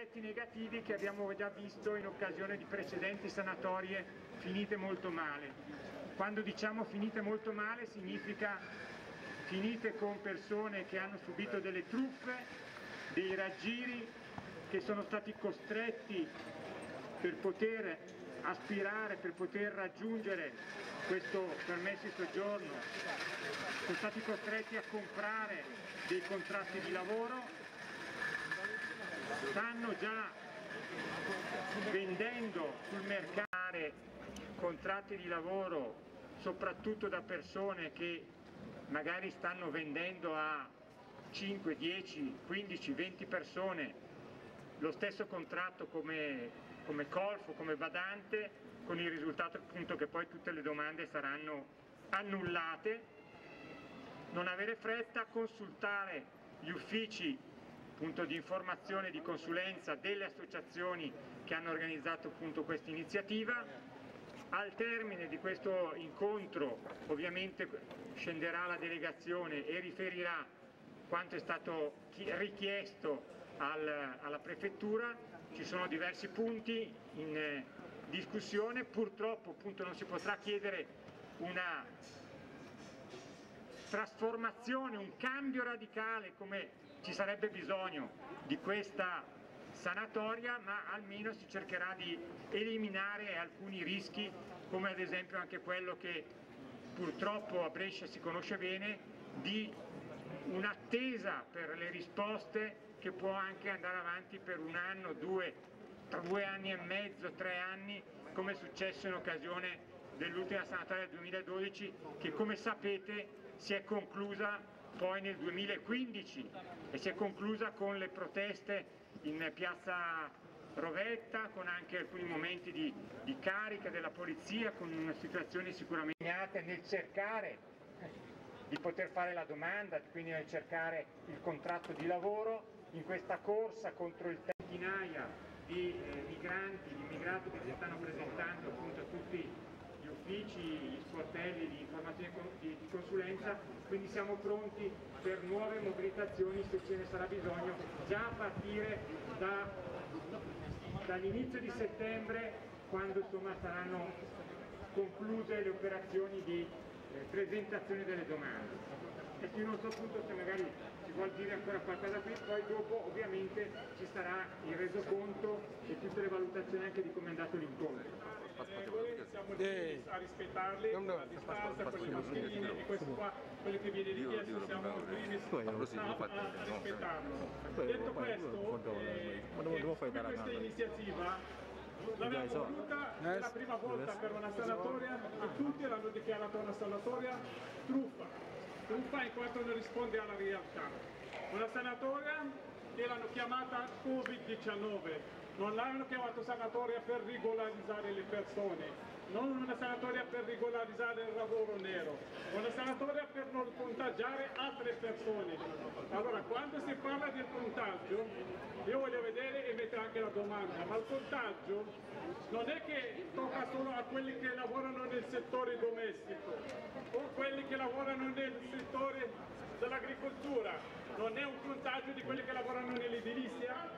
effetti negativi che abbiamo già visto in occasione di precedenti sanatorie finite molto male. Quando diciamo finite molto male significa finite con persone che hanno subito delle truffe, dei raggiri, che sono stati costretti per poter aspirare, per poter raggiungere questo permesso di soggiorno, sono stati costretti a comprare dei contratti di lavoro stanno già vendendo sul mercato contratti di lavoro soprattutto da persone che magari stanno vendendo a 5, 10, 15, 20 persone lo stesso contratto come, come colfo, come badante, con il risultato appunto che poi tutte le domande saranno annullate. Non avere fretta, consultare gli uffici appunto, di informazione e di consulenza delle associazioni che hanno organizzato appunto, questa iniziativa. Al termine di questo incontro ovviamente scenderà la delegazione e riferirà quanto è stato richiesto al, alla prefettura, ci sono diversi punti in eh, discussione, purtroppo appunto, non si potrà chiedere una trasformazione, un cambio radicale come ci sarebbe bisogno di questa sanatoria ma almeno si cercherà di eliminare alcuni rischi come ad esempio anche quello che purtroppo a Brescia si conosce bene di un'attesa per le risposte che può anche andare avanti per un anno, due, due anni e mezzo, tre anni come è successo in occasione dell'ultima sanatoria del 2012 che come sapete si è conclusa poi nel 2015 e si è conclusa con le proteste in piazza Rovetta con anche alcuni momenti di, di carica della polizia con una situazione sicuramente nel cercare di poter fare la domanda, quindi nel cercare il contratto di lavoro in questa corsa contro il centinaia di eh, migranti, di immigrati che si stanno presentando appunto a tutti uffici, gli sportelli di informazione di, di consulenza, quindi siamo pronti per nuove mobilitazioni se ce ne sarà bisogno, già a partire da, dall'inizio di settembre quando insomma, saranno concluse le operazioni di eh, presentazione delle domande e qui non so appunto se magari si vuol dire ancora qualcosa qui, poi dopo ovviamente ci sarà il resoconto e tutte le valutazioni anche di come è andato l'incontro regole, siamo disponibili a rispettarle, no, no, la distanza, quelli mascherine e questo qua, quello che viene richiesto, siamo disponibili a rispettarlo. Cioè, Detto questo, non devo eh, questa iniziativa l'abbiamo voluta è la prima volta per una sanatoria e ah. tutti l'hanno dichiarata una sanatoria truffa, truffa in quanto non risponde alla realtà. Una sanatoria che l'hanno chiamata Covid-19, non l'hanno chiamato sanatoria per regolarizzare le persone, non una sanatoria per regolarizzare il lavoro nero, una sanatoria per non contagiare altre persone. Allora quando si parla di contagio, io voglio vedere e mettere anche la domanda, ma il contagio non è che tocca solo a quelli che lavorano nel settore domestico o quelli che lavorano nel settore dell'agricoltura, non è un contagio di quelli che lavorano nell'edilizia,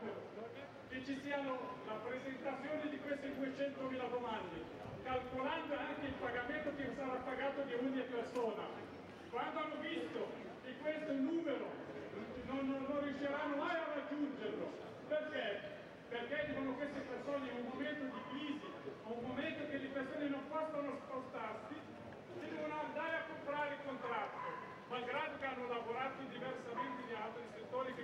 che ci siano la presentazione di questi 200.000 domande, calcolando anche il pagamento che sarà pagato di ogni persona. Quando hanno visto che questo numero non, non, non riusciranno mai a raggiungerlo, perché? Perché dicono queste persone in un momento di crisi, in un momento che le persone non possono spostarsi, devono andare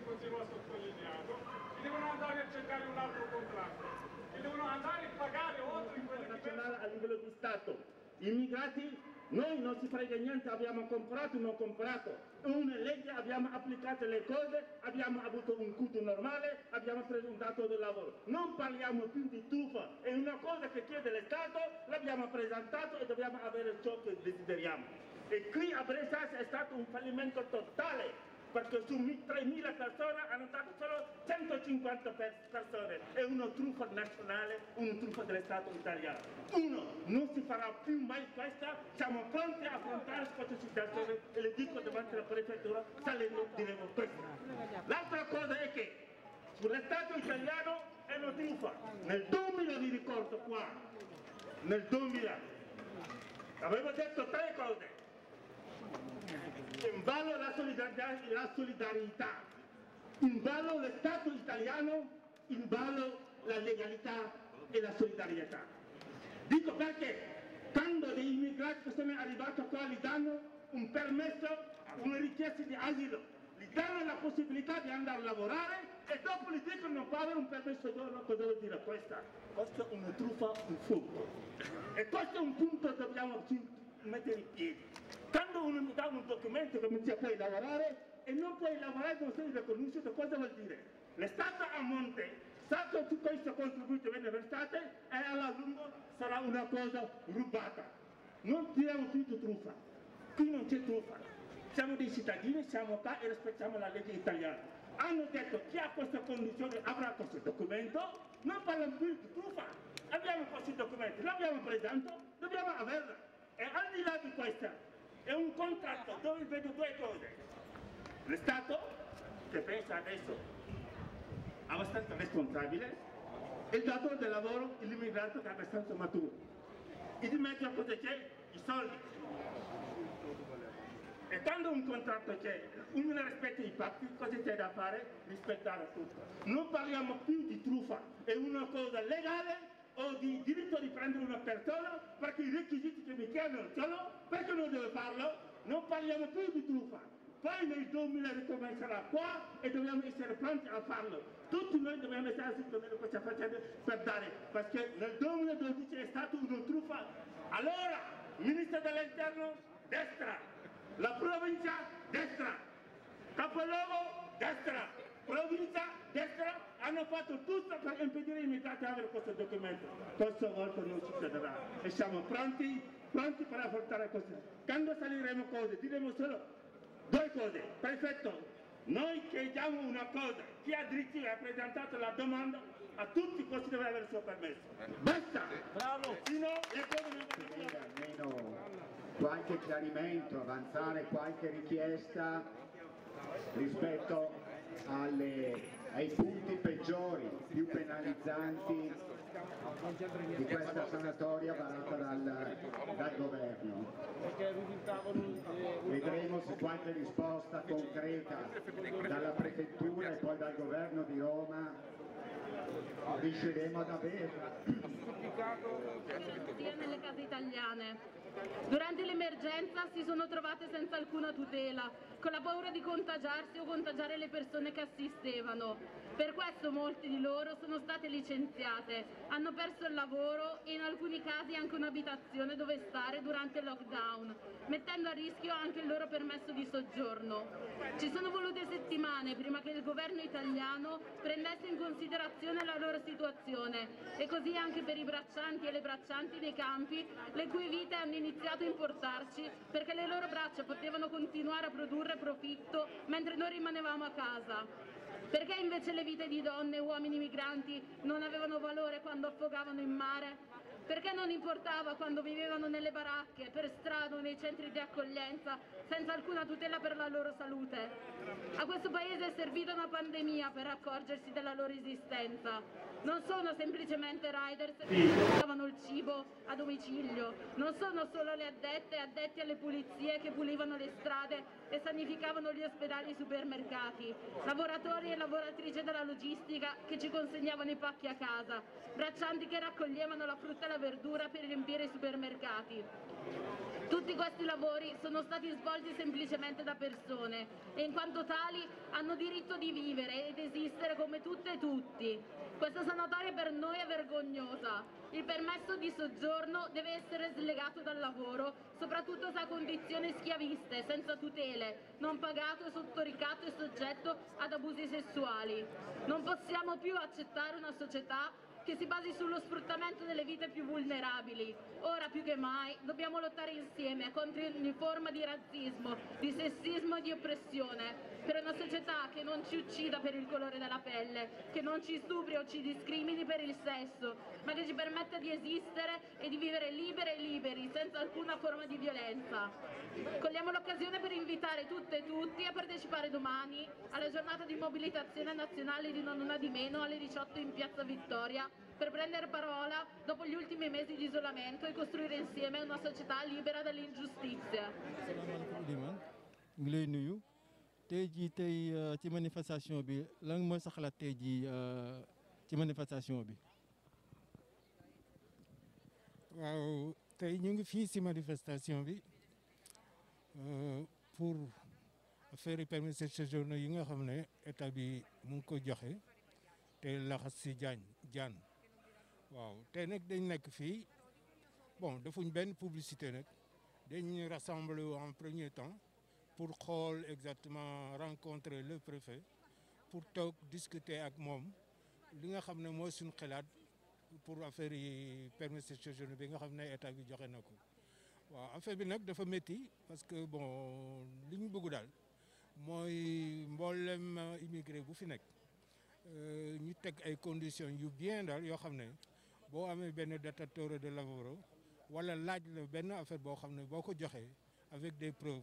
continuo a sottolineato, che devono andare a cercare un altro contratto, che devono andare a pagare oltre quello che... Nazionale a livello di Stato, immigrati, noi non si frega niente, abbiamo comprato, o non comprato, una legge, abbiamo applicato le cose, abbiamo avuto un culto normale, abbiamo preso un dato del lavoro. Non parliamo più di truffa, è una cosa che chiede lo l'abbiamo presentato e dobbiamo avere ciò che desideriamo. E qui a Bresas è stato un fallimento totale, perché su 3.000 persone hanno dato solo 150 persone. È una truffa nazionale, una truffa dello Stato italiano. Uno, non si farà più mai questa, siamo pronti a affrontare questa situazione e le dico davanti alla prefettura, salendo diremo questo. L'altra cosa è che sullo Stato italiano è una truffa. Nel 2000 vi ricordo qua, nel 2000, avevo detto tre cose in ballo la solidarietà, la solidarietà, in ballo lo italiano, in ballo la legalità e la solidarietà. Dico perché quando gli immigrati che sono arrivati qua gli danno un permesso, una richiesta di asilo, gli danno la possibilità di andare a lavorare e dopo gli dicono non può un permesso d'oro, cosa vuol dire questa? Questa è una truffa, un furto. E questo è un punto che dobbiamo mettere in piedi. Quando uno mi dà un documento che mi dice puoi lavorare e non puoi lavorare come sei riconosciuto, cosa vuol dire? L'estate a monte, sa che tutto questo contributo viene versato e alla lunga sarà una cosa rubata. Non tiriamo tutto truffa, qui non c'è truffa. Siamo dei cittadini, siamo qua e rispettiamo la legge italiana. Hanno detto chi ha questa condizione avrà questo documento, non parliamo più di truffa. Abbiamo questi documenti, l'abbiamo presentato, dobbiamo averla. E al di là di questa, è un contratto dove vedo due cose. l'Estato che pensa adesso abbastanza responsabile, e il datore del lavoro, l'immigrato che è abbastanza maturo. E di mezzo cosa c'è? I soldi. E quando un contratto c'è, ognuno rispetta i patti, cosa c'è da fare? Rispettare tutto. Non parliamo più di truffa, è una cosa legale ho il diritto di prendere una persona perché i requisiti che mi chiedono ce l'ho, perché non devo farlo? Non parliamo più di truffa, poi nel 2000 ricomincerà qua e dobbiamo essere pronti a farlo. Tutti noi dobbiamo stare sul cammino che stiamo facendo per dare, perché nel 2012 è stato una truffa. Allora, ministro dell'interno, destra, la provincia, destra, capoluogo, destra provvidenza destra hanno fatto tutto per impedire ai immigrati di avere questo documento. Questa volta non succederà e siamo pronti, pronti per affrontare questo. Quando saliremo cose, diremo solo due cose. Perfetto, noi chiediamo una cosa, chi ha diritto ha presentato la domanda a tutti questi deve avere il suo permesso. Basta! Bravo! Sino le cose non vanno almeno qualche chiarimento, avanzare qualche richiesta rispetto alle, ai punti peggiori, più penalizzanti di questa sanatoria varata dal, dal governo. Vedremo se qualche risposta concreta dalla prefettura e poi dal governo di Roma riusciremo ad avere. Sia nelle case italiane Durante l'emergenza si sono trovate senza alcuna tutela, con la paura di contagiarsi o contagiare le persone che assistevano. Per questo molti di loro sono state licenziate, hanno perso il lavoro e in alcuni casi anche un'abitazione dove stare durante il lockdown, mettendo a rischio anche il loro permesso di soggiorno. Ci sono volute settimane prima che il governo italiano prendesse in considerazione la loro situazione e così anche per i braccianti e le braccianti dei campi le cui vite hanno iniziato a importarci perché le loro braccia potevano continuare a produrre profitto mentre noi rimanevamo a casa. Perché invece le vite di donne e uomini migranti non avevano valore quando affogavano in mare? Perché non importava quando vivevano nelle baracche, per strada o nei centri di accoglienza, senza alcuna tutela per la loro salute? A questo paese è servita una pandemia per accorgersi della loro esistenza. Non sono semplicemente riders che portavano il cibo a domicilio, non sono solo le addette e addetti alle pulizie che pulivano le strade e sanificavano gli ospedali e i supermercati, lavoratori e lavoratrici della logistica che ci consegnavano i pacchi a casa, braccianti che raccoglievano la frutta e la verdura per riempire i supermercati. Tutti questi lavori sono stati svolti semplicemente da persone e in quanto tali hanno diritto di vivere ed esistere come tutte e tutti. Questa sanatoria per noi è vergognosa. Il permesso di soggiorno deve essere slegato dal lavoro, soprattutto se a condizioni schiaviste, senza tutele, non pagato, sottoricato e soggetto ad abusi sessuali. Non possiamo più accettare una società che si basi sullo sfruttamento delle vite più vulnerabili. Ora più che mai dobbiamo lottare insieme contro ogni forma di razzismo, di sessismo e di oppressione per una società che non ci uccida per il colore della pelle, che non ci stupri o ci discrimini per il sesso, ma che ci permetta di esistere e di vivere libere e liberi, senza alcuna forma di violenza. Cogliamo l'occasione per invitare tutte e tutti a partecipare domani alla giornata di mobilitazione nazionale di Non Una di Meno alle 18 in Piazza Vittoria per prendere parola dopo gli ultimi mesi di isolamento e costruire insieme una società libera dalle ingiustizie. tey jii tey euh, ci manifestation bi lan mooy sa xalaat tey euh, ci manifestation bi. waaw tey ñu ngi fii si manifestation bi euh, pour faire yi permis de séjour yi nga xam ne état bi mu ngi ko joxe te laxas si jaan jaan waaw tey nek dañ nek fii bon defuñ ben publicité nag dañ rassembler en premier temps pour xool exactement rencontrer le préfet pour discuter ak moom li nga xam ne mooy suñu pour affaire yi permis séjour bi nga xam ne état bi joxe na ko waaw affaire bi nag dafa métti parce que bon li ñu d'al. daal mooy mboolem immigré bu fi nekk euh, ñu teg ay conditions yu bien daal yoo xam ne boo amee benn dattatore de lavoro wala laaj le benn affaire boo xam ne boo avec des preuves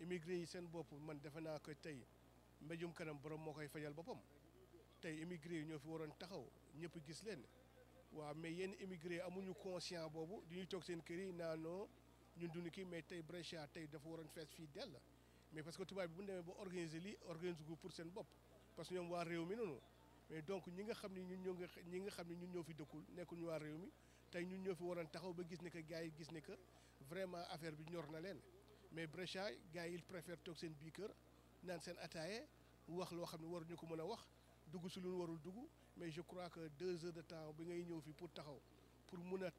immigré yi seen bopp man defe naa ko tey mbéjum kanam borom moo koy fajal boppam tey immigré yi ñoo fi waroon taxaw ñëpp gis leen waa mais yenn immigré amuñu conscient boobu di ñuy toog seen kër yi naanoo ñun dunu kii mais tey Brescia tey dafa waroon fees fii dell mais parce que tubaab bi mu ñu demee ba organiser lii organiser gu pour seen bopp parce que ñoom waa réew mi noonu mais donc ñi nga xam ne ñun ñoo ñi nga xam ne ñun ñoo fi dëkkul nekkuñu waa réew mi tey ñun ñoo fi waroon taxaw ba gis ne que gars yi gis ne que vraiment affaire bi ñor na leen mais Brechaï, gars préfère ils préfèrent Nansen seen ou kër nous sommes tous wax loo nous ne waruñu ko mën wax lu mais je crois que deux heures de temps bi ngay ñëw fii pour taxaw pour mun a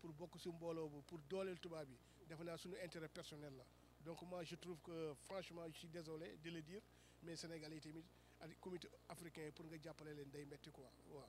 pour beaucoup de mbooloo bu pour dolel tubaab bi defe naa suñu intérêt personnel la. donc moi je trouve que franchement je suis désolé de le dire mais Sénégalais yi tamit ak comité africain pour nga jàppale leen day metti quoi waaw.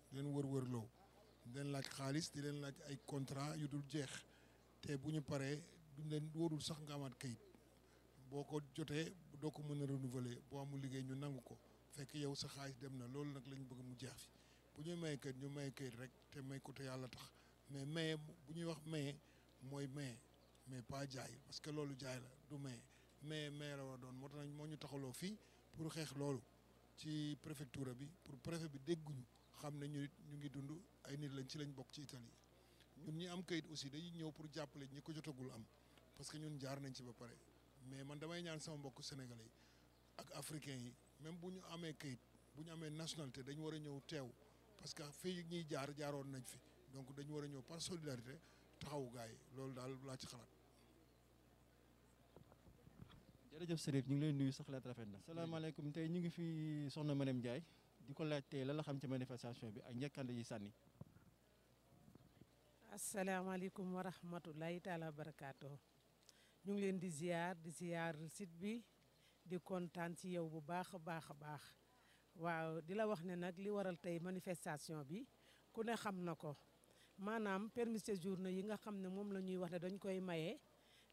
di leen wër loo di leen laaj xaalis di leen laaj ay contrat yu dul jeex te bu ñu paree duñ leen wóorul sax nga amaat kayit boo ko jotee doo ko mën a renouveler boo amul liggéey ñu nangu ko fekk yow sa xaalis dem na loolu nag lañ bëgg mu jeex fi bu ñuy maye kayit ñu maye kayit rek te may ko yàlla tax mais maye bu ñuy wax maye mooy maye mais pas jaay parce que loolu jaay la du maye mais maye la doon moo tax moo ñu taxaloo fii pour xeex loolu ci préfecture bi pour préfet bi dégguñu xam ne ñu ñu ngi dund ay nit lañ ci lañ bokk ci Italie ñun ñi am kayit aussi dañuy ñëw pour jàppale ñi ko jotagul am parce que ñun jaar nañ ci ba pare mais man damay ñaan sama mbokk sénégalais yi ak africains yi même bu ñu amee kayit bu ñu amee nationalité dañu war a ñëw teew parce que fii ñuy jaar jaaroon nañ fi donc dañu war a ñëw par solidarité taxawu yi loolu daal laa ci xalaat. jërëjëf Serif ñu ngi lay nuyu sax la rafet na. salaamaaleykum tey ñu ngi fi soxna Marème Ndiaye. di ko laajtee lan la xam ci manifestation bi ak njëkkande yi sànni. asalaamaaleykum wa rahmatulahi taala barakaatu ñu ngi leen di ziar di ziar site bi di kontaan ci yow bu baax a baax a baax waaw di la wax ne nag li waral tey manifestation bi ku ne xam na ko maanaam permis de séjour yi nga xam ne moom la ñuy wax ne dañ koy maye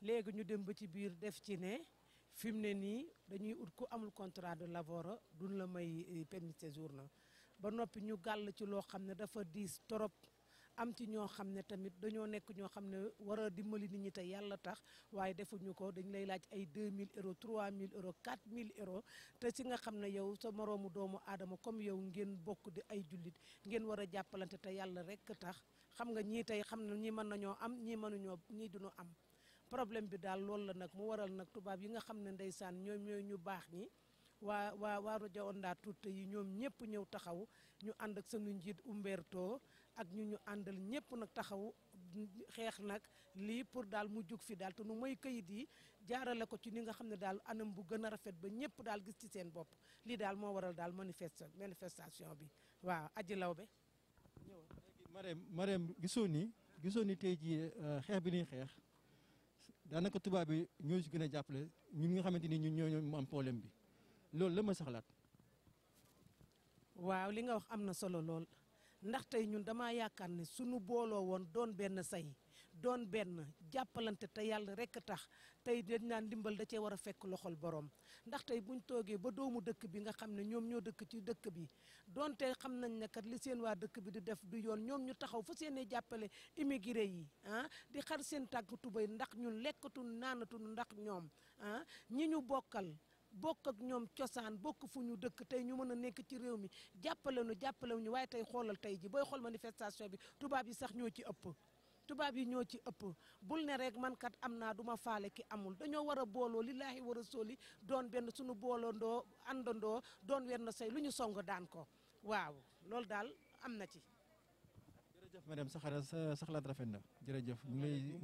léegi ñu dem ba ci biir def ci ne. fi mu ne nii dañuy ut ku amul contrat de labor duñ la may permis euh, de séjour na ba noppi ñu gàll ci loo xam ne dafa diis torop am ci ñoo xam ne tamit dañoo nekk ñoo xam ne war a dimbali ni ñi te yàlla tax waaye defuñu ko dañ lay laaj ay mille euro 2000 mille 3000 euros 4000 euros te ci nga xam ne yow sa moroomu doomu aadama comme yow ngeen bokk di ay jullit ngeen war a jàppalante te yàlla rekk tax xam nga ñii tey xam na ñii mën nañoo am ñii mënuñoo ñii duñu am problème bi daal loolu la nag mu waral nag tubaab yi nga xam ne ndeysaan ñoom ñooy ñu baax ñi waa waa waa rajo Onda tuuti yi ñoom ñëpp ñëw taxaw ñu ànd ak sunu njiit Umberto ak ñu ñu àndal ñëpp nag taxaw xeex nag lii pour daal mu jug fi daal te nu mooy kayit yi jaarale ko ci ni nga xam ne daal anam bu gën a rafet ba ñëpp daal gis ci seen bopp lii daal moo waral daal manifeste manifestation bi waaw aji lawbe ñëw Marème Marème gisoo ni gisoo ni tey jii euh, xeex bi ñuy xeex daanaka tubaab yi ñoo si gën a jàppale ñun nga xamante ni ñun ñoo mu am bi loolu la ma saxlaat. waaw li nga wax am na solo lool ndax tey ñun damaa yaakaar ne sunu booloo woon doon benn say doon benn jàppalante te yàlla rekk tax tey dañ naan ndimbal da cee war a fekk loxol borom ndax tey ñu toogee ba doomu dëkk bi nga xam ne ñoom ñoo dëkk ci dëkk bi donte xam nañ ne kat li seen waa dëkk bi di def di yoon ñoom ñu taxaw fa seen jàppale immigré yi ah di xar seen tàgg tubay ndax ñun lekkatun naanatun ndax ñoom ah, ñi ñu bokkal bokk ak ñoom cosaan bokk fu ñu dëkk tey ñu mën a nekk ci réew mi jàppale nu jàppale ñu waaye tey xoolal tey ji booy xool manifestation bi tubaab yi sax ñoo ci ëpp tubaab yi ñoo ci ëpp bul ne rek mankat am naa du ma faale ki amul dañoo war a booloo lillaahi war a sóoli doon benn suñu booloondoo àndandoo doon weer na say lu ñu song daan ko waaw loolu daal am na ci. jërëjëf madame sa xalaat sa xalaat rafet na jërëjëf ñu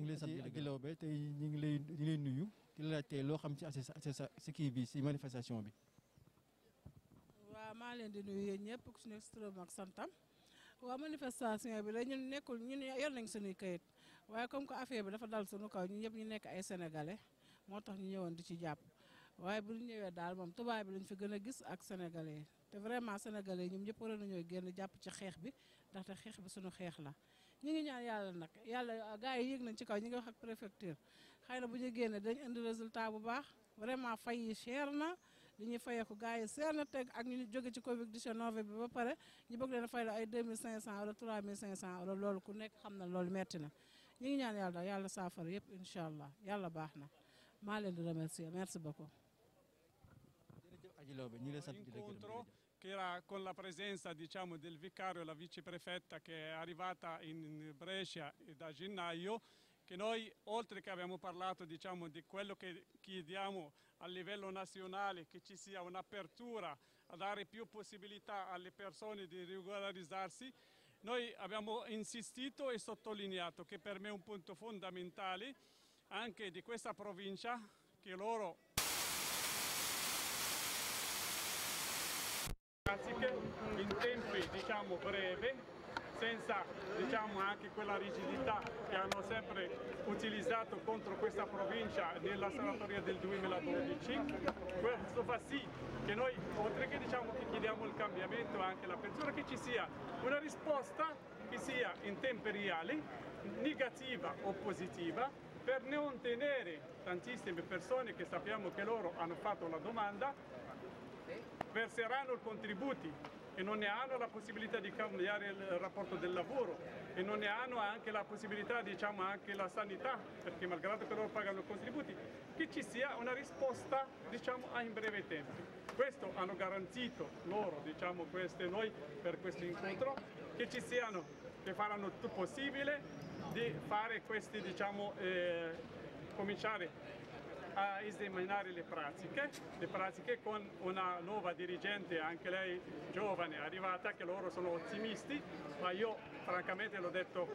ngi lay ñu lay tey ñu ngi lay ñu lay nuyu di la laaj tey loo xam ci accès si kii bi si manifestation bi. waaw maa leen di nuyu yéen ñëpp ku si nekk ak santam. waaw manifestation bi la ñun nekkul ñun yor nañ suñuy kayit waaye comme que affaire bi dafa dal suñu kaw ñun ñëpp ñu nekk ay sénégalais moo tax ñu ñëwoon di ci jàpp waaye bu ñu ñëwee daal moom tubaab bi lañ fi gën a gis ak sénégalais te vraiment sénégalais ñoom ñëpp waroon nañoo génn jàpp ci xeex bi ndaxte xeex bi suñu xeex la. ñu ngi ñaan yàlla nag yàlla gars yi yëg nañ ci kaw ñu ngi wax ak préfecture xëy na bu ñu génne dañ indi résultat bu baax vraiment fay yi cher na. li ñuy fayeeku gars yi seer na teg ak ñu jóge ci covid 19 bi ba pare ñu bëgg leen fay la ay 2500 wala 3500 wala loolu ku nekk xam na loolu metti na ñu ngi ñaan yàlla yàlla saafara yëpp incha allah yàlla baax leen di remercier merci beaucoup incontro che era con la presenza diciamo, del vicario, la viceprefetta che è arrivata in Brescia da gennaio che noi oltre che abbiamo parlato diciamo, di quello che chiediamo a livello nazionale, che ci sia un'apertura a dare più possibilità alle persone di regolarizzarsi, noi abbiamo insistito e sottolineato che per me è un punto fondamentale anche di questa provincia che loro in tempi diciamo brevi senza diciamo, anche quella rigidità che hanno sempre utilizzato contro questa provincia nella sanatoria del 2012. Questo fa sì che noi, oltre che, diciamo, che chiediamo il cambiamento, anche la persona che ci sia una risposta che sia in tempi reali, negativa o positiva, per non tenere tantissime persone che sappiamo che loro hanno fatto la domanda, verseranno contributi e non ne hanno la possibilità di cambiare il rapporto del lavoro e non ne hanno anche la possibilità, diciamo, anche la sanità, perché malgrado che loro pagano i contributi, che ci sia una risposta, diciamo, in breve tempo. Questo hanno garantito loro, diciamo, queste, noi per questo incontro, che ci siano, che faranno tutto possibile di fare questi, diciamo, eh, cominciare a esaminare le pratiche, le pratiche con una nuova dirigente, anche lei giovane, arrivata, che loro sono ottimisti, ma io francamente l'ho detto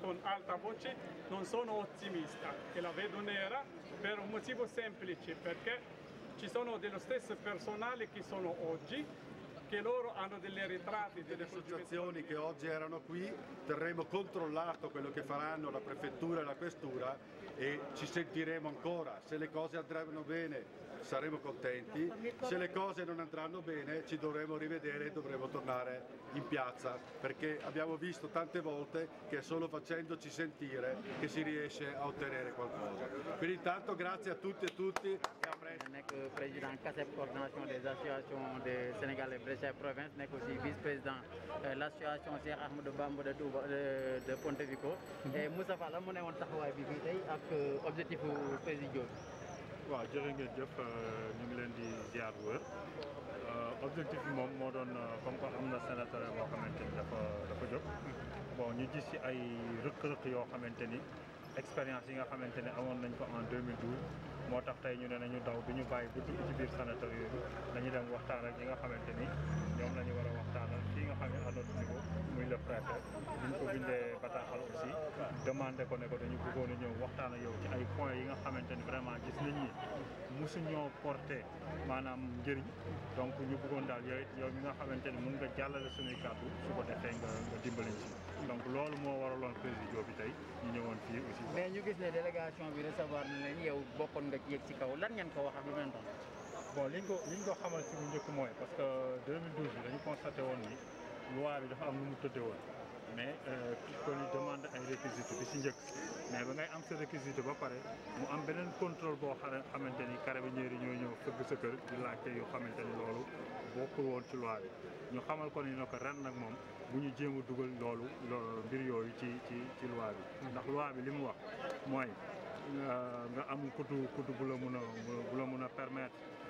con alta voce, non sono ottimista e la vedo nera per un motivo semplice, perché ci sono dello stesso personale che sono oggi che loro hanno delle ritratti delle associazioni che oggi erano qui, terremo controllato quello che faranno la prefettura e la questura e ci sentiremo ancora se le cose andranno bene saremo contenti, se le cose non andranno bene ci dovremo rivedere e dovremo tornare in piazza perché abbiamo visto tante volte che è solo facendoci sentire che si riesce a ottenere qualcosa. Quindi intanto grazie a tutti e tutti e a presto. Président CACEP, coordination de Sénégal et Brescia province, nekk aussi vice-président eh, l'association Cheikh Ahmadou Bamba de Touba de Pontevico. Mhm. Moussa Fall, lan mu ne woon taxawaay bi fii tey ak eh, objectif eh, président waaw jërë ngeen jëf ñu ngi leen di ziar wër objectif bi moom moo doon comme que am na sénateur boo xamante ni dafa dafa jóg bon ñu gis si ay rëq-rëq yoo xamante ni expérience yi nga xamante ni amoon nañ ko en 2012 moo tax tey ñu ne nañu daw bi ñu bàyyi bu ci biir sénateur yooyu dañu dem waxtaan ak ñi nga xamante ni ñoom la ñu war a waxtaanal nga xam ne àndoon nañ ko muy le préfet ñu ko bindee bataaxal aussi demandé ko ne ko dañu buggoon a ñëw waxtaan ak yow ci ay points yi nga xamante ni vraiment gis nañ ni mosuñoo porté maanaam njëriñ donc ñu buggoon daal yow it yow mi nga xamante ni mun nga jàllale suñuy kàddu su ko defee nga nga dimbali ci donc loolu moo waraloon président bi tey ñu ñëwoon fii aussi. mais ñu gis ne délégation bi recevoir na leen yow bokkoon nga yéeg ci kaw lan ngeen ko wax ak lu mel noonu ko li ñu parce que 2012 bi dañu constaté woon ni loi bi dafa am lu mu tëddee woon mais euh, kon ñu demande ay réquisite bi si njëkk mais ba ngay am sa réquisite ba pare mu am beneen contrôle boo xamante ni carabinieri ñoo ñëw fëgg sa kër di laajte yoo xamante ni boo bokkul woon ci loi bi ñu xamal ko ni ne ko ren nag moom bu ñu jéem a dugal loolu loolu mbir yooyu ci ci ci loi bi ndax loi bi li mu wax mooy euh, nga am kutu kutu bu la mun a bu mun a permettre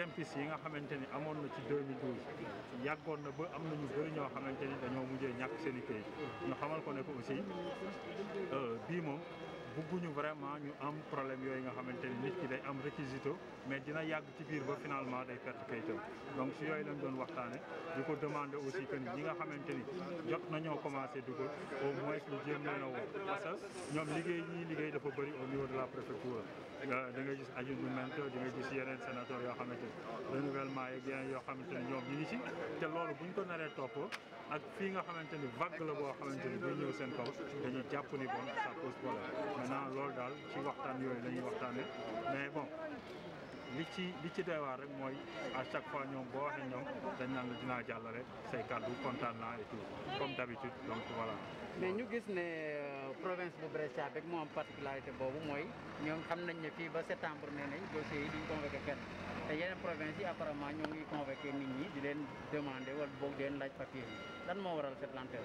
kempis yi nga xamante ni amoon na ci 2012 yàggoon na ba am na ñu bëri ñoo xamante ni dañoo mujjee ñàkk seen i kayit ñu xamal ko ne ko aussi euh, bii moom bugguñu vraiment ñu am problème yooyu nga xamante ni nit ki day am réquisito mais dina yàgg ci biir ba finalement day perte kayitam donc si yooyu lañ doon waxtaane di ko demander aussi que ñi nga xamante ni jot nañoo commencé dugal au moins ñu jéem leen a woo parce que ñoom liggéey ñii liggéey dafa bëri au niveau de la da nga gis ajuntement di nga gis yeneen sénateur yoo xamante ni renouvellement yeeg yoo xamante ni ñoom ñu ngi ci te loolu buñ ko naree topp ak fii nga xamante ni vague la boo xamante ni bu ñëw seen kaw dañuy jàpp ni bon ça pose problème maintenant loolu daal ci waxtaan yooyu la ñuy waxtaanee mais bon li ci li ci doy rek mooy à chaque fois ñoom boo waxee ñoom dañ naan la dinaa jàllale say kàddu kontaan naa et tout comme d'habitude donc voilà. mais ñu gis ne euh, province bu Brescia rek moo am particularité boobu mooy ñoo xam nañ ne fii ba septembre nee nañ dossiers yi duñ convoqué kenn te yeneen province yi apparemment ñoo ngi convoqué nit ñi di leen demande wala boog di leen laaj papier yi lan moo waral cette lenteur.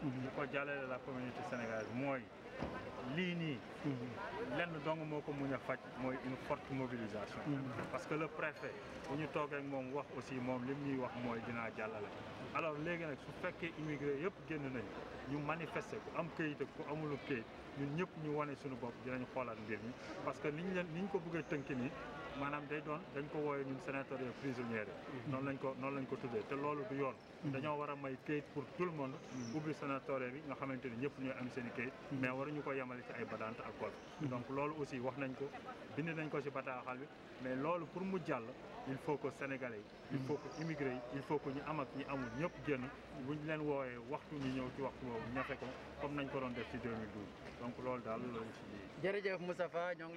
di ko jàllale la communauté sénégalaise mooy lii nii lenn dong moo ko mun a faj mooy une forte mobilisation parce que le préfet bu ñu toogee ak moom wax aussi moom lim ñuy wax mooy dinaa jàllale alors léegi nag su fekkee immigré yëpp génn nañu ñu manifester ku am këyit ak ku amulu këyit ñun ñëpp ñu wane suñu bopp dinañ xoolaat mbir ñi parce que niñ leen ko buggee tënk nii maanaam day doon dañ ko wooye ñun sénateur yi prisonniers yi mhm. noonu lañ ko noonu lañ ko tuddee te loolu du yoon mhm. dañoo war may kayit pour tout le monde mhm. ubbi sénateur bi nga xamante ni ñëpp ñooy am seen i kayit mais waruñu ko yemale ci ay badante ak golf donc loolu wax nañ ko bind ci bataaxal bi mais loolu pour ko comme nañ ko doon def ci 2012 donc loolu daal loolu ci jërëjëf Moustapha ñoo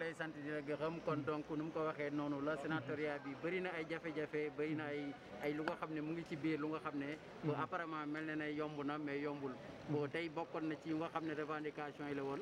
donc nu mu ko waxee noonu la sénatoriat bi bëri na ay jafe-jafe bëri na ay ay lu nga xam ne mu ngi ci biir lu nga xam ne mhm. bo apparemment mel na ne yomb na mais yombul bo tey bokkoon na ci nga xam ne revendication yi la woon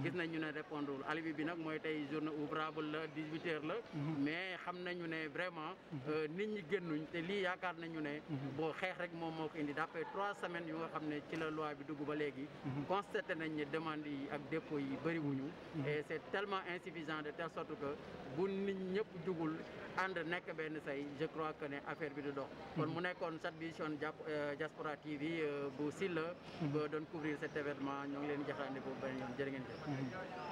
gis mhm. nañ ñu ne répondre alibi bi nag mooy tey journée ouvrable la 18 heures la mhm. mais xam nañu ne vraiment mhm. euh, nit ñi génnuñ te lii yaakaar nañu ne boo xeex rek moom moo ko indi d'après trois semaines yu nga xam ne ci la loi bi dugg ba léegi constaté nañ ne demande yi ak dépôt yi bëriwuñu et c'est tellement insuffisant de telle sorte que bu nit ñëpp jugul ànd nekk benn say je crois que ne affaire bi du dox kon mu nekkoon station euh, Diaspora TV euh, bu Silla ba doon couvrir cet événement ñoo ngi leen jaxaande boobu beneen yoon jërë ngeen jëf 嗯。